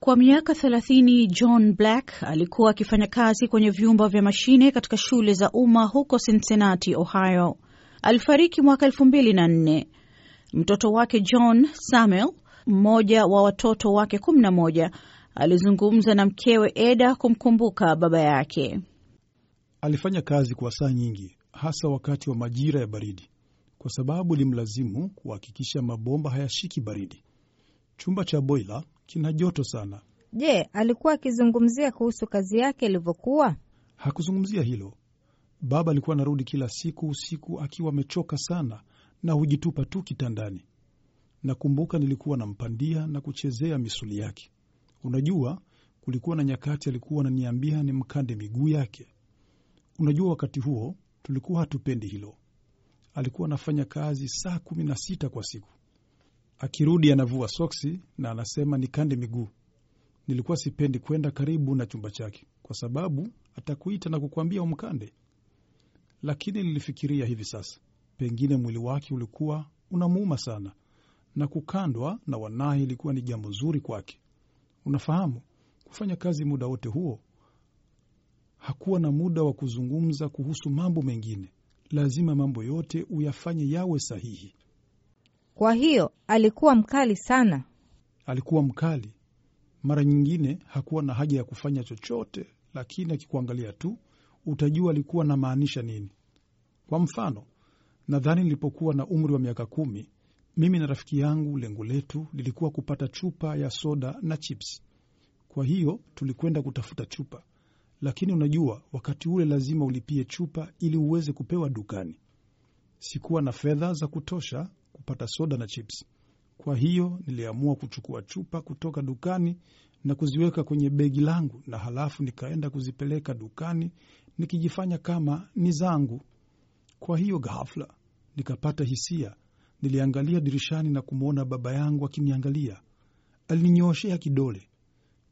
Kwa miaka 30 John Black alikuwa akifanya kazi kwenye vyumba vya mashine katika shule za umma huko Cincinnati, Ohio. Alifariki mwaka 2004. Mtoto wake John Samuel, mmoja wa watoto wake 11, alizungumza na mkewe Eda kumkumbuka baba yake. Alifanya kazi kwa saa nyingi, hasa wakati wa majira ya baridi, kwa sababu ilimlazimu kuhakikisha mabomba hayashiki baridi. Chumba cha boila kina joto sana. Je, alikuwa akizungumzia kuhusu kazi yake ilivyokuwa? Hakuzungumzia hilo. Baba alikuwa anarudi kila siku usiku akiwa amechoka sana na hujitupa tu kitandani. Nakumbuka nilikuwa nampandia na kuchezea misuli yake. Unajua, kulikuwa na nyakati alikuwa ananiambia nimkande miguu yake. Unajua, wakati huo tulikuwa hatupendi hilo. Alikuwa anafanya kazi saa kumi na sita kwa siku. Akirudi anavua soksi na anasema nikande miguu. Nilikuwa sipendi kwenda karibu na chumba chake kwa sababu atakuita na kukwambia umkande, lakini nilifikiria hivi sasa, pengine mwili wake ulikuwa unamuuma sana na kukandwa na wanahi ilikuwa ni jambo zuri kwake. Unafahamu, kufanya kazi muda wote huo, hakuwa na muda wa kuzungumza kuhusu mambo mengine. Lazima mambo yote uyafanye yawe sahihi. Kwa hiyo alikuwa mkali sana, alikuwa mkali. Mara nyingine hakuwa na haja ya kufanya chochote, lakini akikuangalia tu utajua alikuwa na maanisha nini. Kwa mfano, nadhani nilipokuwa na umri wa miaka kumi, mimi na rafiki yangu, lengo letu lilikuwa kupata chupa ya soda na chips. Kwa hiyo tulikwenda kutafuta chupa, lakini unajua, wakati ule lazima ulipie chupa ili uweze kupewa dukani. Sikuwa na fedha za kutosha kupata soda na chips. Kwa hiyo niliamua kuchukua chupa kutoka dukani na kuziweka kwenye begi langu, na halafu nikaenda kuzipeleka dukani nikijifanya kama ni zangu. Kwa hiyo ghafla nikapata hisia. Niliangalia dirishani na kumwona baba yangu akiniangalia. alininyooshea kidole.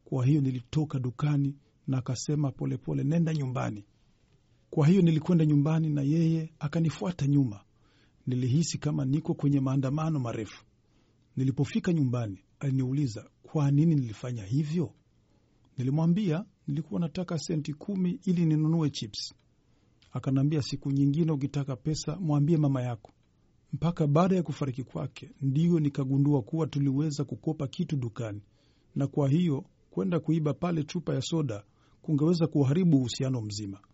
Kwa hiyo nilitoka dukani na akasema polepole, nenda nyumbani. Kwa hiyo nilikwenda nyumbani na yeye akanifuata nyuma nilihisi kama niko kwenye maandamano marefu. Nilipofika nyumbani, aliniuliza kwa nini nilifanya hivyo. Nilimwambia nilikuwa nataka senti kumi ili ninunue chips. Akanambia siku nyingine ukitaka pesa mwambie mama yako. Mpaka baada ya kufariki kwake ndiyo nikagundua kuwa tuliweza kukopa kitu dukani, na kwa hiyo kwenda kuiba pale chupa ya soda kungeweza kuharibu uhusiano mzima.